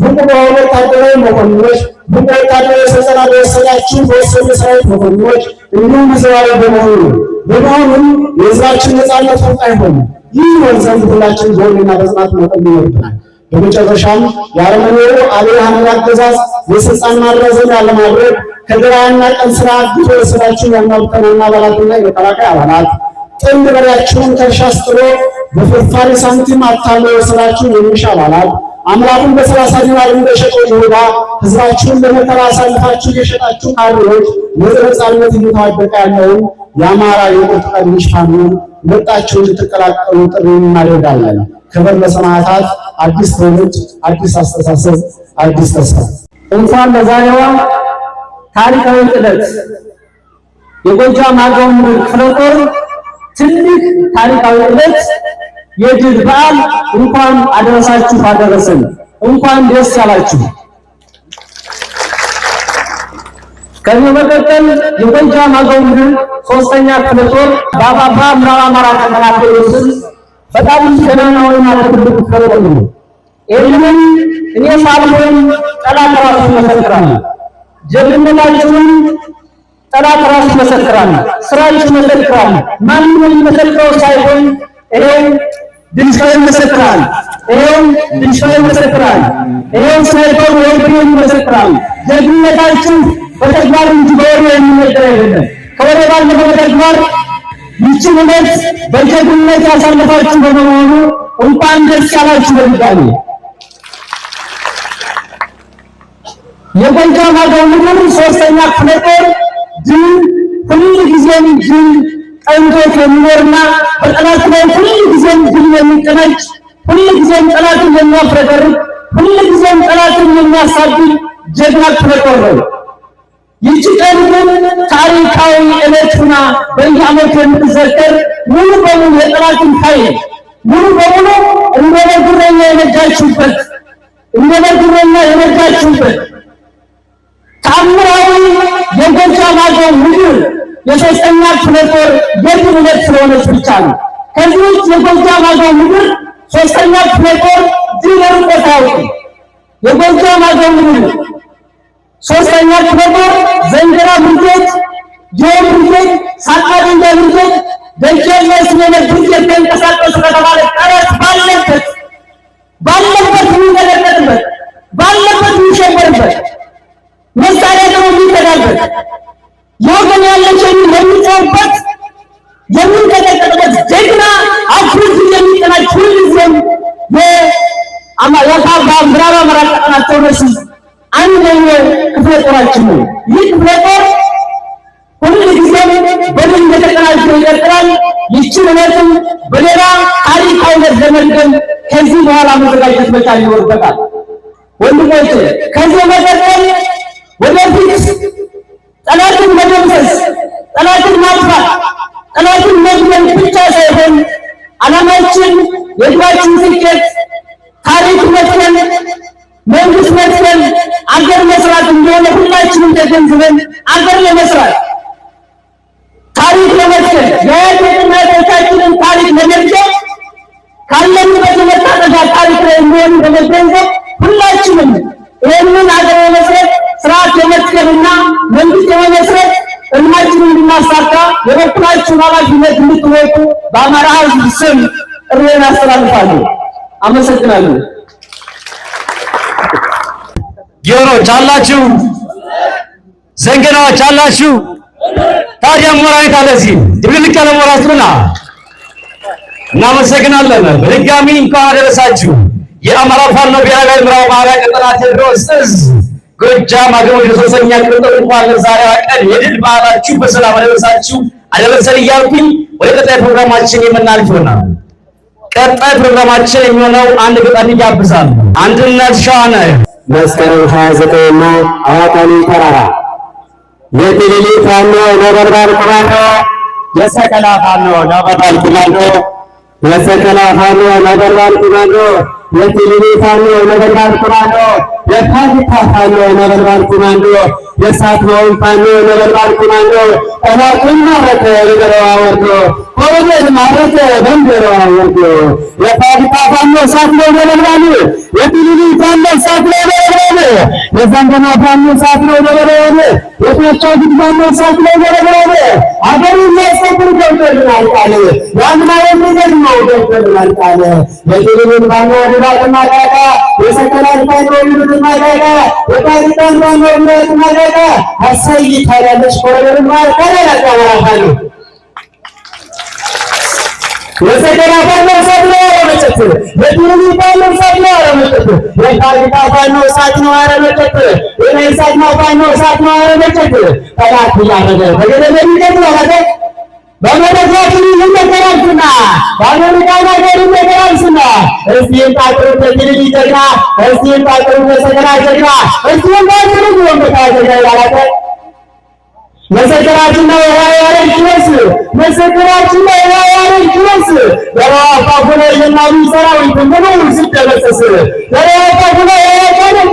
ብቁ በሆነ ወታደራዊ መኮንኖች፣ ብቁ ወታደራዊ ስልጠና በወሰዳችሁ በወሰኑ የሰራዊት መኮንኖች እንዲሁም ዘዋሪ በመሆኑ በመሆኑም የሕዝባችን ነፃነት ፈንታ አይሆንም። ይህ ይሆን ዘንድ ሁላችን በሆንና በጽናት መጠን ይኖርብናል። በመጨረሻም የአረመኔው አብይ አህመድ አገዛዝ የስልጣን ማራዘሚያ ለማድረግ ከግራና ቀን ስራ አግቶ የወሰዳችሁን የአናብተናና አባላትና የተቀላቃይ አባላት ጥንድ በሬያችሁን ከእርሻ ስጥሎ በፍርፋሪ ሳንቲም አታሎ የወሰዳችሁን የሚሊሻ አባላት አምላኩን በሰላሳ ዲናር እንደሸጠው ይሁዳ ህዝባችሁን ለመከራ አሳልፋችሁ የሸጣችሁ ካሪዎች ነፃነት እየተዋደቀ ያለውን የአማራ የቁርጥ ቀን ሽፋኑን መጣችሁ እንድትቀላቀሉ ጥሪ እናደርጋለን። ክብር ለሰማዕታት! አዲስ ትውልድ፣ አዲስ አስተሳሰብ፣ አዲስ ተስፋ። እንኳን ለዛሬዋ ታሪካዊ ዕለት የጎጃም አገው ምድር ክፍለ ጦር ትልቅ ታሪካዊ ዕለት የድል በዓል እንኳን አደረሳችሁ አደረሰን። እንኳን ደስ አላችሁ። ከዚህ መቀጠል የጎጃም አገው ምድር ሶስተኛ ክፍለ ጦር በአባባ ምዕራብ አማራ ቀጠና ስል በጣም ገናናዊ ማለት ትልቅ ክፍለ ነው። ይህንን እኔ ሳልሆን ጠላት ራሱ ይመሰክራል። ጀግንነታችሁን ጠላት ራሱ ይመሰክራል። ስራችሁ ይመሰክራል። ማንም የሚመሰክረው ሳይሆን ይሄ ድንሻው ይመሰክራል። ይሄው ድንሻው ይመሰክራል። ይሄው ሳይሆን ወይቶ ይመሰክራል። ደግነታችን በተግባር እንጂ በወሬ የሚነገር አይደለም። ከወሬ ባለፈ በተግባር ይችን ዕለት በጀግነት ያሳለፋችሁ በመሆኑ እንኳን ደስ ያላችሁ። በድጋሚ የጎጃም አገው ምድር ሶስተኛ ክፍለ ጦር ድል ሁልጊዜም ድል ጸንቶ ከሚኖርና በጠላት ላይ ሁልጊዜም ድል የሚቀናጅ ሁልጊዜም ጠላትን የሚያፍረከርክ ሁልጊዜም ጠላትን የሚያሳድድ ጀግና ክፍለጦር ነው። ይህች ቀን ግን ታሪካዊ ዕለትና በየዓመቱ የምትዘከር ሙሉ በሙሉ የጠላትን ኃይል ሙሉ በሙሉ እንደ መግረኛ የነዳችሁበት እንደ መግረኛ የነዳችሁበት ታምራዊ የጎጃም አገው ምድር የተጨናቅ ክፍለጦር የድል ሁለት ስለሆነች ብቻ ነው። ከዚህ ውስጥ የጎጃም አገው ምድር ሶስተኛ ክፍለጦር ድል ርቆት አያውቅም። የጎጃም አገው ምድር ሶስተኛ ክፍለጦር ዘንገራ ብርጌድ፣ ጆን ብርጌድ፣ ሳጣ ድንጋይ ብርጌድ፣ ደጀና ስሜነ ብርጌድ ተንቀሳቀሱ ከተባለ ጠረት ባለበት ባለበት የሚንቀጠቀጥበት ባለበት የሚሸበርበት መሳሪያ ደግሞ የሚጠጋበት የወገን ያለች የምንኮራበት የምንቀጠቀጥበት ጀግና አፍሪካ የሚጠላች ሁልጊዜም የአማያታ ባምብራራ መራቀጠና ተወረሱ አንደኛ ክፍለ ጦራችን ነው። ይህ ክፍለ ጦር ሁልጊዜም በድል እንደተቀናጀ ይቀጥላል። ይችን እውነትም በሌላ ታሪክ አይነት ለመድገም ከዚህ በኋላ መዘጋጀት መቻል ይኖርበታል። ወንድሞች ከዚህ መቀጠል ወደፊት ጠላትን መደምሰስ ጠላትን ማጥፋት ጠላትን መድመን ብቻ ሳይሆን ዓላማችን የህዝባችን ስኬት ታሪክ መትከል፣ መንግስት መትከል፣ አገር መስራት እንደሆነ ሁላችንም ተገንዝበን አገር ለመስራት ታሪክ ለመትከል የአያቶቻችንን ታሪክ ለመርጨት ካለንበት የመታጠፊያ ታሪክ ላይ እንደሆኑ በመገንዘብ ሁላችንም ይህንን አገር ለመስረት ስርዓት ለመትከልና አሳካ የበኩላችሁን ኃላፊነት እንድትወጡ በአማራ ሕዝብ ስም ጥሪዬን አስተላልፋለሁ። አመሰግናለሁ። ጌሮች አላችሁ፣ ዘንገናዎች አላችሁ። ታዲያ ሞራዊት አለዚህ ድብልቅ ያለ ሞራት እናመሰግናለን። በድጋሚ እንኳን አደረሳችሁ። የአማራ ፋኖ ብሔራዊ ምራው ማላ ቀጠና ቴዎድሮስ እዝ ጎጃም አገው የሶስተኛ ቅርጥር እንኳን ለዛሬዋ ቀን የድል በዓላችሁ በሰላም አደረሳችሁ አደረሰን እያልኩኝ ወደ ቀጣይ ፕሮግራማችን የምናልፍ ይሆናል። ቀጣይ ፕሮግራማችን የሚሆነው አንድ ገጣሚ ይጋብዛል። አንድነት ሸዋነ መስከረም 29 ነው። አዋጣኒ ተራራ የትልሊ ፋኖ ነበልባል ቁማኖ የሰከላ ፋኖ ነበልባል ቁማኖ የሰከላ ፋኖ ነበልባል ቁማኖ የቴሌቪዥን የነገር ባር ቁማንዶ የፋሲካ ፋኖ የነገር ባር ቁማንዶ የሳትማውን ፋኖ የነገር ባር ቁማንዶ ጠላቱን ማረከ ነገረዋ ወርዶ లేదు మాకైతే ఏం లేదు ఎప్పటి పాపంలో శాస్త్రం జరగరాదు ఎటు ప్రాంతం శాస్త్రం జరగరాదు ఎసంత నా ప్రాంతం శాస్త్రం జరగరాదు ఎటు చోటు ప్రాంతం శాస్త్రం జరగరాదు అతను చేసినప్పుడు కొట్టుకుంటున్నారు కానీ రాజమాయం కొట్టుకుంటున్నారు కానీ ఎటు ప్రాంతం కాక ఎసంత అసలు ఈ ధర የሰገናፋን መብሳት ነው አለመጠጥ፣ የዱሩሚፋን መብሳት ነው አለመጠጥ፣ የፋሪካፋን መብሳት ነው አለመጠጥ፣ የመይሳቅናፋን መብሳት ነው አለመጠጥ። ጠላት እያረገ በገደመድ ይቀጥላል። በመደግፋችን ይነገራልና በአሜሪካን ሀገር ይነገራልና እስቲም ታጥሩ በትልል ጀግና እስቲም ታጥሩ በሰገና ጀግና እስቲም ታጥሩ ወንበታ ጀግና ይላላል። መሰከራችን ነው ያያረን ድረስ መሰከራችን ነው ያያረን ድረስ ለራፋ ሆነ የናሉ ሰራዊት ሙሉ ሲደመሰስ ለራፋ ሆነ ያያረን